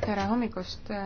tere hommikust!